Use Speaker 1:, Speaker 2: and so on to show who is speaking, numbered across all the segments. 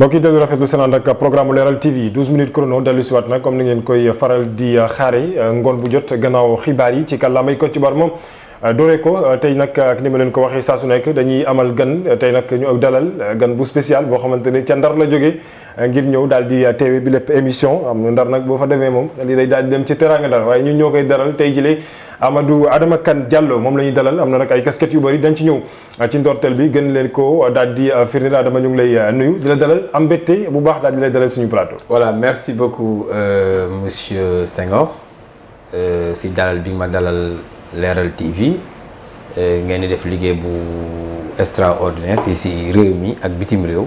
Speaker 1: mbokk yi déglu rafetlu seen ànd ak programme Leral TV 12 minutes chrono dellu si waat nag comme ni ngeen koy faral di xaare euh, ngoon bu jot gannaaw xibaar yi ci kàllaamay Kocc Barma euh, dooree ko euh, tey nag ak ni ma leen ko waxee saa su nekk dañuy amal gan tey nag ñu dalal gan bu spécial boo xamante ne ca ndar la jóge ngir ñëw daal di teewe bi lépp émission am ndar nag boo fa demee moom lii day daal di dem ci teraanga ndar waaye ñun ñoo koy daral tey jile amadu Adama kan Diallo moom la ñuy dalal am na rek ay casquettes yu bari dañ ci ñëw ah, ci ndorteel bi gën leen ko ah, daal di ah, firndeel Adama ñu ngi lay nuyu di la dalal am mbégte bu baax daal di lay dalal suñu plateau.
Speaker 2: voilà merci beaucoup euh, monsieur Senghor euh, si dalal bi ma dalal leeral TV euh, ngeen di def liggéey bu extraordinaire fii si réew mi ak bitim réew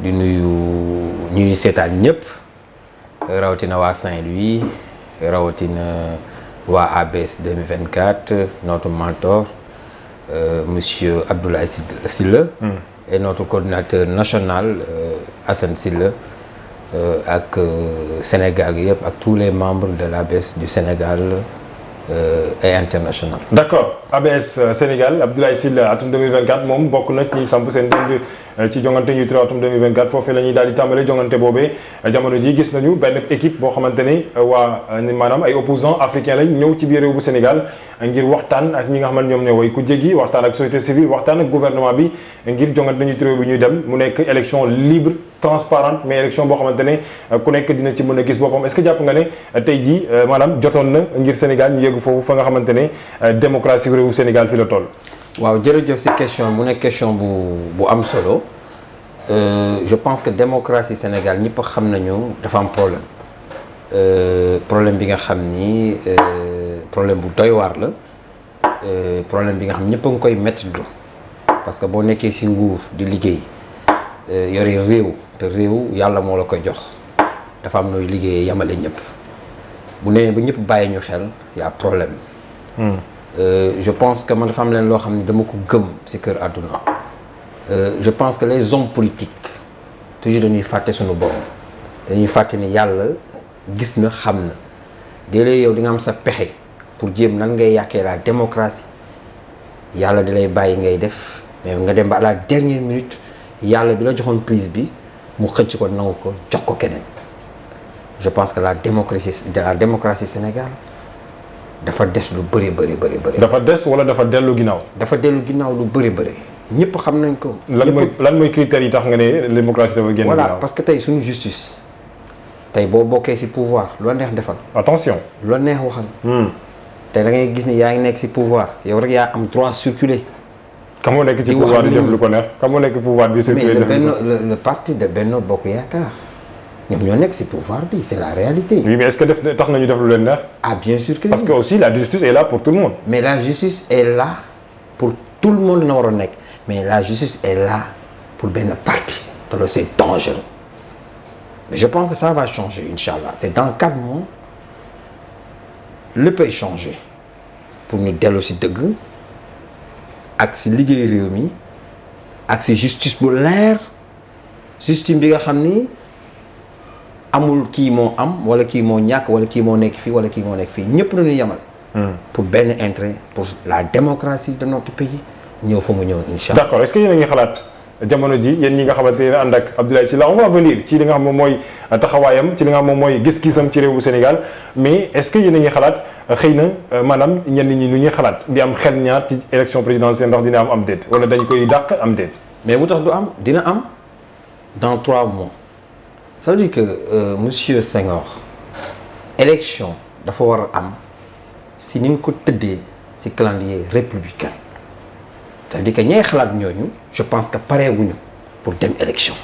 Speaker 2: di nuyu ñu ni seetaan ñëpp rawatina waa Saint-Louis rawatina. waa ABS 2024 notre mentor euh, monsieur Abdoulaye Sylla mm. et notre coordinateur national euh, Assane Sylla euh, ak euh, Sénégal gi yëpp ak tous les membres de l'ABS du Sénégal et international.
Speaker 1: d'accord ABS Sénégal Abdoulaye Sylla atum 2024 moom bokk na ci jongante yu 3 atum 2024 foofee la ñuy daal di tàmbale jongante boobee jamono ji gis nañu benn équipe boo xamante ni euh, waa euh, maanaam ay opposants africains lañ ñëw ci biir réew bu Sénégal ngir waxtaan ak ñi nga xam ne ñoom ñoo way ku jéggi waxtaan ak société civile waxtaan ak gouvernement bi ngir jongante yu 3 bi ñuy dem mu nekk élection libre transparente mais élection boo xamante ne euh, ku nekk dina ci mën a gis boppam est-ce que jàpp nga ne tey jii maanaam jotoon na ngir Sénégal ñu foofu fa nga xamante ne démocratie
Speaker 2: réewu Sénégal fi la toll waaw jërëjëf si question mu nekk question bu bu am solo euh, je pense que démocratie Sénégal ñëpp xam nañu dafa am problème euh, problème bi nga xam ni euh, problème bu doy waar la euh, problème bi nga xam ñëpp a ngi koy mettre du parce que boo nekkee si nguur di liggéey yore réew te réew yàlla moo la koy jox dafa am nooy liggéeyee yamale ñëpp bu newee ba ñëpp bàyyi ñu xel yaa a problème. Hmm. Euh, je pense que man dafa am leen loo xam ne dama ko gëm si kër àdduna euh, je pense que les hommes politiques toujours dañuy fàtte suñu borom dañuy fàtte ni yàlla gis na xam na déedéet yow di nga am sa pexe pour jéem nan ngay yàqee la démocratie yàlla di lay bàyyi ngay def mais nga dem ba à la yàlla bi la joxoon prise bi mu xëcc ko nangu ko jox ko keneen je pense que la démocratie la démocratie Sénégal dafa des lu bëri bëri bëri bëri. dafa
Speaker 1: des wala dafa dellu ginnaaw. dafa dellu ginnaaw lu bëri bëri. ñëpp xam nañ ko. lan mooy lan mooy critères yi tax nga ne
Speaker 2: démocratie dafa génn. voilà parce que tey suñu justice. tey boo bokkee si pouvoir loo neex defal. attention loo neex waxal. Hmm. te da ngay gis ni yaa ngi nekk si pouvoir yow rek yaa am droit circuler. ka moo nekk ci pouvoir di def lu ko neex. ka nekk pouvoir di circuler mais le benn le parti de Benno Bokk Yaakaar. ñoom ñoo nekk si pouvoir bi c' est la réalité. oui mais est ce que def tax nañu def lu leen neex. ah bien sûr que parce que la justice est là pour tout le monde. mais la justice est là pour tout le monde na waroon nekk mais la justice est là pour benn parti te loolu mais je pense que ça va changer incha allah c' est dans quatre mois lépp ay changé pour ñu dellu si dëgg ak si liggéey réew mi ak si justice bu leer justice bi nga xam ni. amul kii moo am wala kii moo ñàkk wala kii moo nekk fii wala kii moo nekk fii ñëpp la ñuy yemal. Hmm. pour benn intérêt pour la démocratie de notre pays ñëw fa mu ñëw incha allah. d' accord est ce que xalaat jamono ji
Speaker 1: yéen ñi nga xamante ne ànd ak Abdoulaye Sylla on va venir ci li nga xam moom mooy taxawaayam ci li nga xam moom mooy gis-gisam ci réew bu Sénégal mais est ce que yéen a ngi xalaat xëy na euh, maanaam ñenn ñi nu ñuy xalaat di am xel ñaar ci élection présidentielle dina am am déet wala dañ koy dàq am déet. mais bu tax du am dina
Speaker 2: am dans trois mois. ça veut dire que euh, monsieur Senghor élection dafa war a am si ni ñu ko tëdde si calendrier républicain ça veut dire que ñay xalaat ñooñu je pense que pareewuñu pour dem élection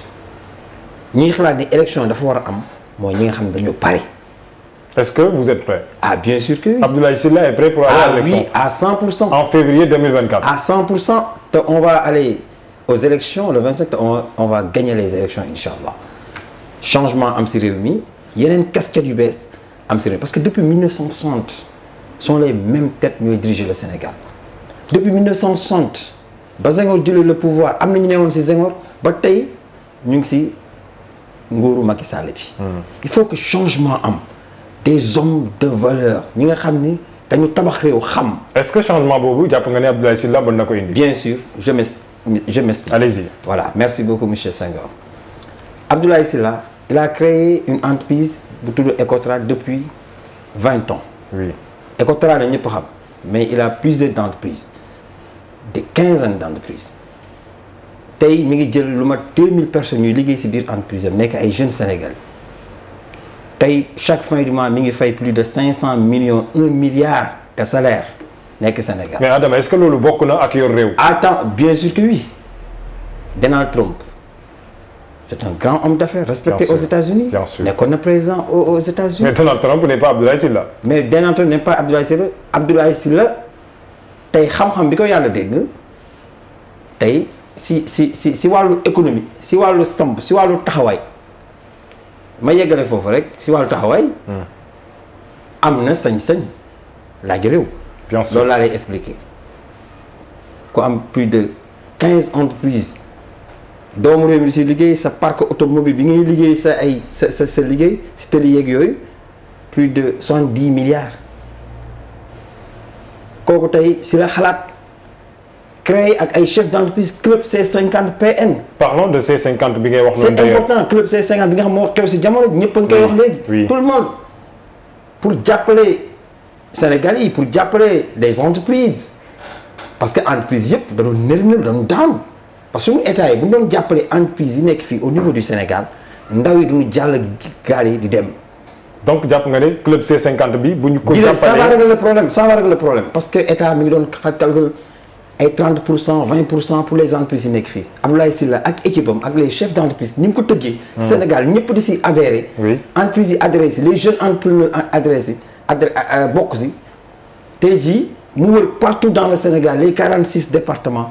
Speaker 2: ñi xalaat ni élection dafa war a am mooy ñi nga xam ne dañoo pare. Est-ce que vous êtes prêt? Ah bien sûr que oui. Abdoulaye Sylla est prêt pour aller ah, à l'élection. Oui, à 100%. En février 2024. À 100%, on le 25 on, on va gagner les élections inchallah. changement am si réew mi yeneen casquette yu bees am si réew mi parce que depuis 1960 sont les mêmes têtes ñooy diriger le Sénégal depuis 1960 ba Senghor jëlee le pouvoir am na ne newoon si Senghor ba tey ñu ngi si nguuru Macky Sall bi. Hmm. il faut que changement am des hommes de valeur ñi nga xam ni dañu tabax réew xam. est-ce que changement boobu jàpp nga ne Abdoulaye na ko indi. bien sûr je m'explique je m'explique. allez-y voilà merci beaucoup monsieur Senghor Abdoulaye Sylla il a créé une entreprise bu tudd Ecotra depuis vingt ans. oui Ecotra la ñëpp xam. mais il a plusieurs entreprises de quinze d' entreprises tey mi ngi jël lu mat deux mille personnes ñuy liggéey si biir entreprise am nekk ay jeunes sénégal tey chaque fin du mois mi ngi fay plus de cinq cent millions un milliard de salaire nekk Sénégal. mais Adama est-ce que loolu bokk na ak yor réew. attends ah, bien sûr que oui Donald Trump. c'est un grand homme d'affaires respecté aux États-Unis nekkoon na président aux États-Unis mais Donald Trump n'est pas Abdoulaye Sylla mais Donald Trump n'est pas Abdoulaye Sylla Abdoulaye Sylla tey xam bi ko yàlla dégg tey si si si si wàllu économie si wàllu samp si wàllu taxawaay ma yeggale foofu rek si wàllu taxawaay hmm. am na sañ-sañ laaj réew loolu laa lay expliquer ku am plus de quinze entreprises doomu réew mi si liggéey sa parc automobile bi ngay liggéey sa ay sa liggéey si tëli yeeg yooyu plus de soixante-dix milliards kooku tey si la xalaat créé ak ay chef d'entreprise club C50 PN. parlons de
Speaker 1: C50 bi
Speaker 2: ngay wax. noonu c'est important club c bi nga xam moo xew si jamono ñëpp a ngi koy wax léegi. tout le monde pour jàppale Sénégal yi pour jàppale les entreprises parce que entreprise yëpp da doon nërmeel da parce que suñu état yi bu ñu doon jàppale entreprise yi nekk fii au niveau du Sénégal ndaw yi duñu jàll gaal yi di dem. donc jàpp nga ne club C50 bi bu ñu. ko jàppalee ça va régler problème ça va régler le problème parce que état mi doon calcul ay pour cent 20 pour cent les entreprises yi nekk fii Abdoulaye Sylla ak équipe am ak les chefs d' entreprise ni tëggee. Hmm. Sénégal ñëpp di si adhéré. entreprises yi adhéré si les jeunes entrepreneurs adhéré si adhéré euh, euh, bokk si tey jii mu wër partout dans le Sénégal les 46 départements.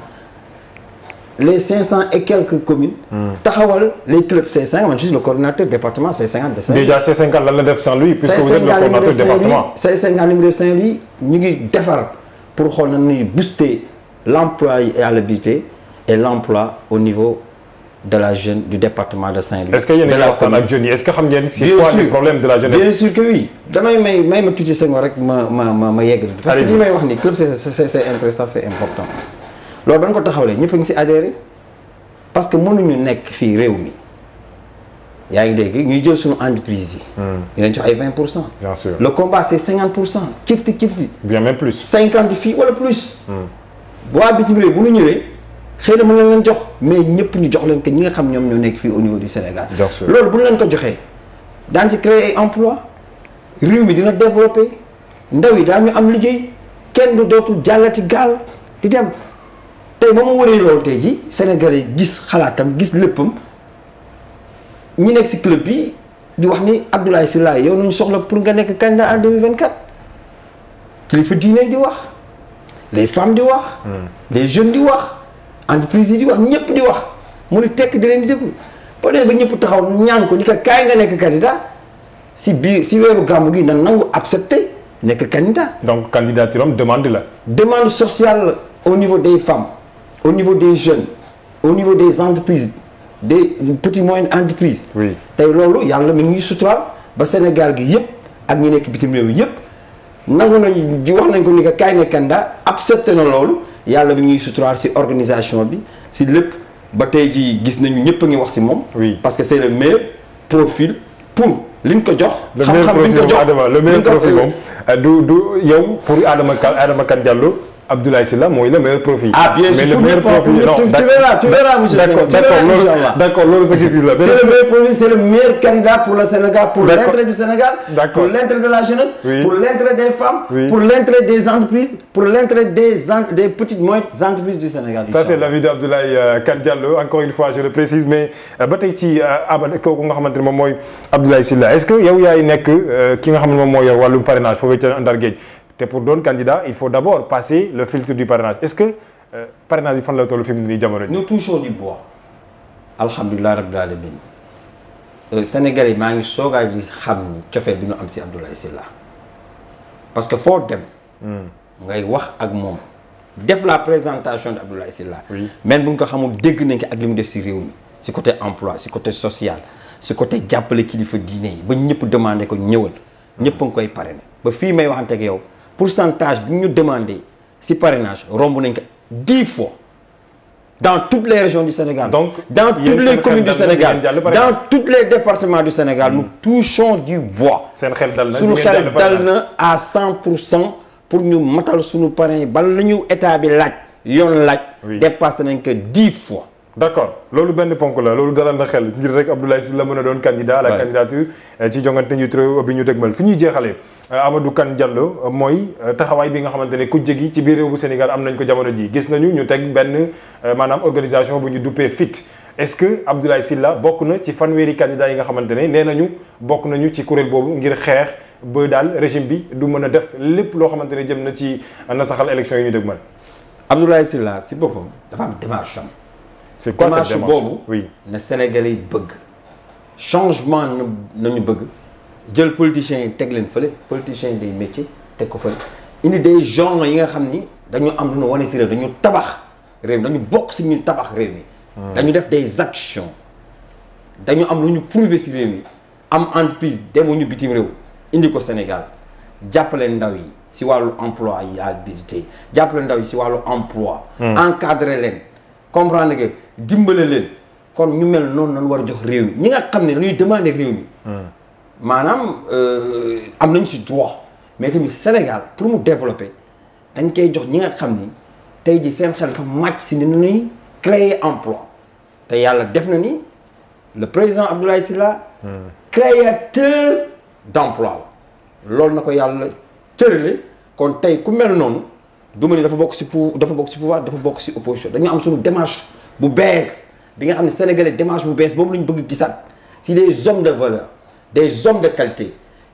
Speaker 2: les 500 et quelques communes. taxawal les clubs C50 man je le coordinateur département C50 de Saint-Louis. déjà C50 lan la def Saint-Louis. defar pour xool na ñuy booster l'emploi et l'habilité et l'emploi au niveau de la jeune du département de Saint-Louis. est-ce que yéen a
Speaker 1: c'est quoi le problème de la jeunesse bien sûr
Speaker 2: que oui. damay may wax ni club c'est c'est c'est intéressant c'est important. loolu dañ ko taxawlee ñëpp ngi si adhéré parce que mënuñu nekk fii réew mi yaa ngi dégg ñuy jël suñu entreprise yi. Hmm. ñu leen jox ay 20 pour cent. le combat c' est 50 pour cent kifti kifti. bien même plus. 50 fii wala plus. Hmm. waa bitim réew bu ñu ñëwee xëy mu mën leen jox mais ñëpp ñu jox leen que ñi nga xam ñoom ñoo nekk fii au niveau du Sénégal. loolu bu ñu leen ko joxee daan si créer ay emploi réew mi dina développé ndaw yi ñu am liggéey kenn du dootul jàllati gaal di dem. tey ba mu waree loolu tey ji Sénégalais yi gis xalaatam gis léppam ñi nekk si club bi di wax ni Abdoulaye Sylla yow nañu soxla pour nga nekk candidat en 2024 kilifa diine di wax les femmes di wax. Hmm. les jeunes di wax entreprise yi di wax ñëpp di wax mu ni tekk di leen di déglu boo demee ba ñëpp taxaw ñaan ko ni ko kaay nga nekk candidat si biir si weeru gàmmu gi na nangu accepté nekk candidat. donc candidature am demande la. demande sociale au niveau des femmes. au niveau des jeunes au niveau des entreprises des petites moyennes entreprises. tey loolu yàlla mi ngi suturaal ba Sénégal gi yëpp ak ñi nekk bitim réew yëpp nangu nañu di wax nañ ko ni que kaay ne Kanda accepté na loolu yàlla mi ngi suturaal si organisation bi si lépp ba tey jii gis nañu ñëpp a ngi wax si moom. oui parce que c'est le meilleur profil pour. liñ ko jox xam-xam liñ ko jox le meilleur profil moom Adama le meilleur profil moom
Speaker 1: euh, du du yow pour Adama Kane Adama Kane Diallo. Abdoulaye Sylla mooy le meilleur profil. ah bien le meilleur profil non tu verras tu verras monsieur Sène tu la. c'est le meilleur
Speaker 2: profil c'est le meilleur candidat pour le Sénégal pour l'intérêt du Sénégal. pour l'intérêt des femmes. pour l'intérêt des entreprises pour l'intérêt des petites moyennes entreprises du Sénégal.
Speaker 1: ça c'est l'avis d'Abdoulaye euh, Kane Diallo encore une fois je le précise mais euh, ba tey ci euh, abad kooku nga xamante ne moom mooy Abdoulaye Sylla que yow yaay nekk ki nga xam ne moom mooy wàllu parrainage foofee ca te pour doon candidat il faut d'abord passer le filtre
Speaker 2: du parrainage est-ce que euh, parrainage bi fan la tollu fi mu nii jamono ji. nous touchons du bois. alhamdulilah rabbil alamin euh, Sénégal yi maa ngi soogaa di xam ni cofee bi ñu am si Abdoulaye Sylla parce que foo dem. Hmm. ngay wax ak moom. def la présentation de Abdoulaye Sylla. oui même bu ñu ko xamul dégg nañ ko ak li mu def si réew mi si côté emploi si côté social si côté jàppale kilifa diine yi ba ñëpp demandé ko ñëwal. ñëpp a koy parrainé ba fii may waxante ak yow. pourcentage bi ñu demandé si parrainage romb nañ ko dix fois dans toutes les régions du Sénégal. donc dans toutes les communes du Sénégal dans tous les départements du Sénégal hmm. nous touchons du bois. seen xel dal na suñu xel dal na à cent pour cent pour ñu matal suñu parrain yi bala la ñu état bi laaj yoon laaj. dépassé nañ ko dix fois. d' accord loolu benn ponk la
Speaker 1: loolu dalal na xel ngir rek Abdoulaye Sylla mën a doon candidat la candidature eh, ci jongante njiitu réew bi ñu dëgmal fi ñuy jeexalee eh, Amadou Kane Diallo eh, mooy taxawaay bi nga xamante ne kujje gi ci biir réew bu Sénégal am nañ ko jamono ji gis nañu ñu teg benn maanaam organisation bu ñu duppee FIT est ce que Abdoulaye Sylla bokk na ci fanweeri candidat yi nga xamante ne nee nañu bokk nañu ci kuréel boobu ngir xeex ba daal régime bi du mën a def lépp loo xamante ne jëm na ci nasaxal élection yi ñu dëgmal
Speaker 2: Abdoulaye Sylla si boppam dafa am démarche am c'est quoi démarche boobu oui na Sénégalais bëgg changement nañu bëgg jël politiciens yi teg leen fële politiciens yi day métier teg ko fële indi des gens yi nga xam ni dañu am lu ñu wane si réew dañu tabax réew mi dañu bokk si ñu tabax réew mi hmm. dañu def des actions dañu am lu ñu prouver si mi am entreprise demuñu bitim réew indi ko Sénégal jàppale ndaw yi si wàllu employabilité jàppale ndaw yi si wàllu emploi hmm. encadrer leen comprendre que dimbale leen kon ñu mel noonu lañ war a jox réew mi ñi nga xam ne luy demande réew mi. Hmm. maanaam euh, am nañ si droit mais tamit Sénégal pour mu développer dañ koy jox ñi nga xam ni tey ji seen xel dafa màcc si ni ñuy créer emploi te yàlla def na ni le président Abdoulaye Sylla hmm. créateur d'emploi la loolu na ko yàlla cërale kon tey ku mel noonu du ma ni dafa bokk si pou dafa bokk si pouvoir dafa bokk si opposition dañu am suñu démarche bu bees bi nga xam ne sénégalais démarche bu bees boobu la ñu bëgg gisaat si des hommes de valeur des hommes de qualité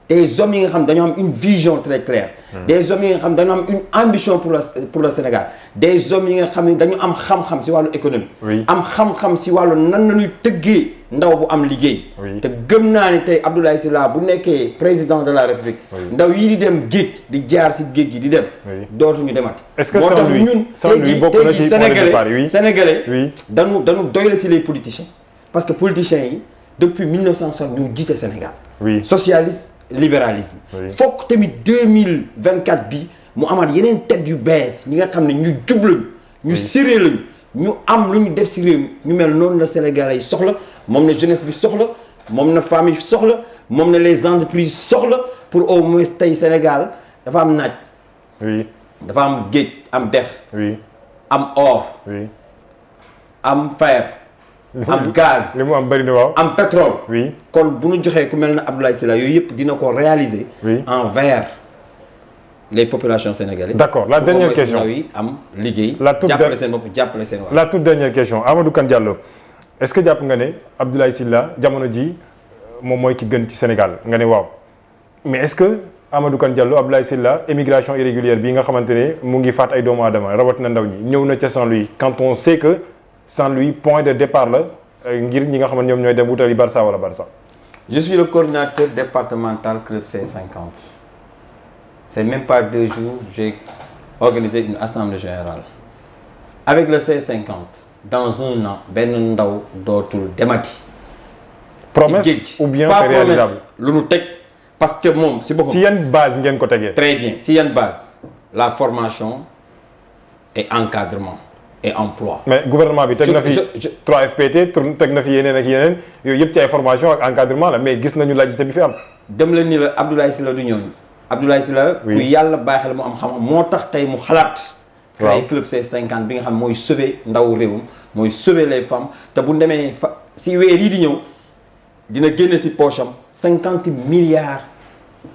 Speaker 2: des hommes yi nga xam dañoo am une vision très claire. Hmm. des hommes yi nga xam dañoo am une ambition pour le pour le yi nga xam ne dañu am xam-xam ci wàllu économie. am xam-xam ci wàllu nan la ñuy tëggee ndaw bu am liggéey. te gëm naa ne tey Abdoulaye Sylla bu nekkee président de la République. ndaw yi di dem géej di jaar ci géej gi di dem. dootuñu demat est-ce que Saint-Louis moo tax ñun tey jii tey jii sénégale sénégalais dañu dañu doy la ci les politiciens parce que politiciens yi. depuis 1960 ñu jiite Sénégal. oui socialiste libéralisme. oui foog tamit 2024 bi mu amaat yeneen tête yu bees ñi nga xam ne ñu jub lañu. ñu sérieux lañu ñu am lu ñu def si réew ñu mel noonu la Sénégalais soxla moom na jeunesse bi soxla moom na famille soxla moom na les entreprises soxla pour au moins tey Sénégal dafa am naaj. dafa am géej am dex. oui am or. oui am fer. am gaz li mu am bëri na waaw am pétrole. oui kon bu ñu joxee ku mel ne Abdoulaye Sylla yooyu yëpp dina ko réaliser. oui en vers les populations sénégalaises. d'accord la dernière question yi am liggéey. la toute jàppale seen bopp jàppale seen waa. la toute dernière question Amadou Kane Diallo est-ce que jàpp nga
Speaker 1: ne Abdoulaye Sylla jamono ji moom mooy ki gën ci Sénégal nga ne waaw mais est-ce que Amadou Kane Diallo Abdoulaye Sylla émigration irrégulière bi nga xamante ne mu ngi faat ay doomu aadama rawatina ndaw ñi ñëw na ca Saint-Louis quand on Saint-Louis point de départ la euh, ngir
Speaker 2: ñi nga xam ne ñoom ñooy dem wutali Barça wala Barça. je suis le coordinateur départemental club C50 c'est même pas deux jours j'ai organisé une assemblée générale avec le c dans un an benn ndaw dootul demati. promesse ou bien c'est réalisable lu teg parce que moom si boppam. ci yan base ngeen ko tegee. très bien si yan base la formation et encadrement. et emploi.
Speaker 1: mais gouvernement bi teg na fi 3FPT tourne teg na fi
Speaker 2: yeneen ak yeneen yooyu yëpp ci ay formation ak encadrement la mais gis nañu se bi fi am. dem leen ni la Abdoulaye la du ñooñu. Abdoulaye Sylla. oui ku yàlla baaxee la mu am xam-xam moo tax tey mu xalaat. waaw club c cinquante bi nga xam mooy sauver ndaw réewam mooy sauver les femmes te bu demee fa si weer yii di ñëw dina génne si poche am 50 milliards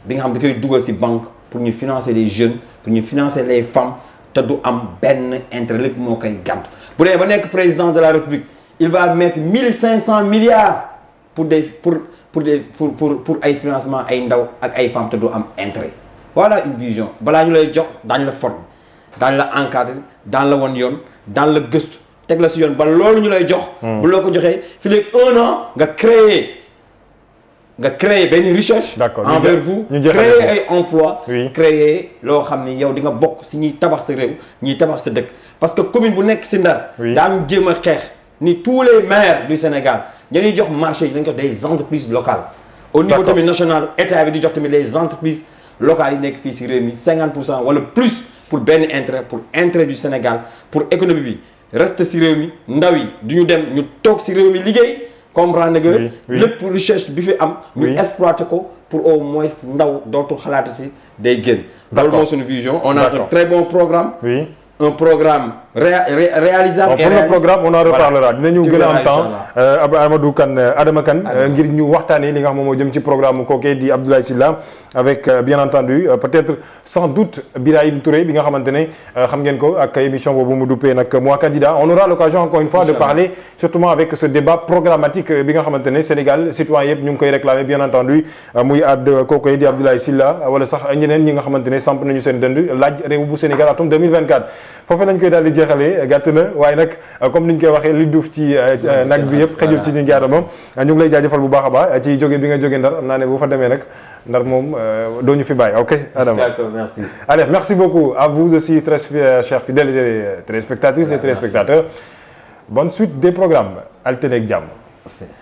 Speaker 2: bi nga xam da koy dugal si banque pour ñu financer les jeunes pour ñu financer les femmes. te du am benn intérêt lépp moo koy gànt bu dee ba nekk président de la république il va mettre cinq cent milliards pour des pour pour de pour pour pour ay financement ay ndaw ak ay femmes te du am intérêt voilà une vision balaa ñu lay jox daañ la former daañ la encadre daan la wan yoon daan la gëstu teg la si yoon ba loolu ñu lay jox hmm. bu loo ko joxee fi léegi un an nga créer nga créer benn recherche. d'accord envers vous créer ay emploi créer loo xam ni yow di nga bokk si ñuy tabax sa réew ñuy tabax sa dëkk parce que commune bu nekk si Ndar daañu jéem a xeex ni tous les maires du Sénégal dañuy jox marché yi dañ jox de entreprises locales au niveau tamit national état bi di jox tamit les entreprises locales yi nekk fii si réew mi cinquante pour cent wala plus pour benn intérêt pour intérêt du Sénégal pour économie bi reste si réew mi ndaw yi du ñu dem toog si réew mi liggéey comprendre nga lépp recherche bi fi am ñu exploité ko pour au moins ndaw dootul xalaatati day génn loolu moo suñu vision on a un très bon programme un programme ré ré réalisable. et réaliste programme on en reparlera dinañu gën a am temps euh,
Speaker 1: Amadou Kane euh, Adama Kane euh, ngir ñu waxtaanee li nga xam moo jëm ci programme mu kooku di Abdoulaye Sylla avec bien entendu peut-être sans doute Birahim Touré bi nga xamante ne xam ngeen ko ak émission boobu mu duppee nag moi candidat on aura l'occasion encore une fois de parler surtout avec ce débat programmatique bi nga xamante ne Sénégal citoyen yëpp ñu ngi koy réclamer bien entendu muy àdd kooku di Abdoulaye ñi nga xamante ne samp nañu seen dënd laaj réew foofu lañ koy daal di jeexalee gàtt na waaye nag comme ñu koy waxee li duuf ci euh, nag bi yëpp xëjul ci ñi jaadama ñu ngi lay jaajëfal bu baax a baax ci jóge bi nga jóge ndar am naa ne bu fa demee nag ndar moom euh, doo ñu fi bàyyi ok Adama merci allez beaucoup à vous aussi très euh, chers fidèles téléspectatrices et bon bonne suite des programmes altine ak jàmm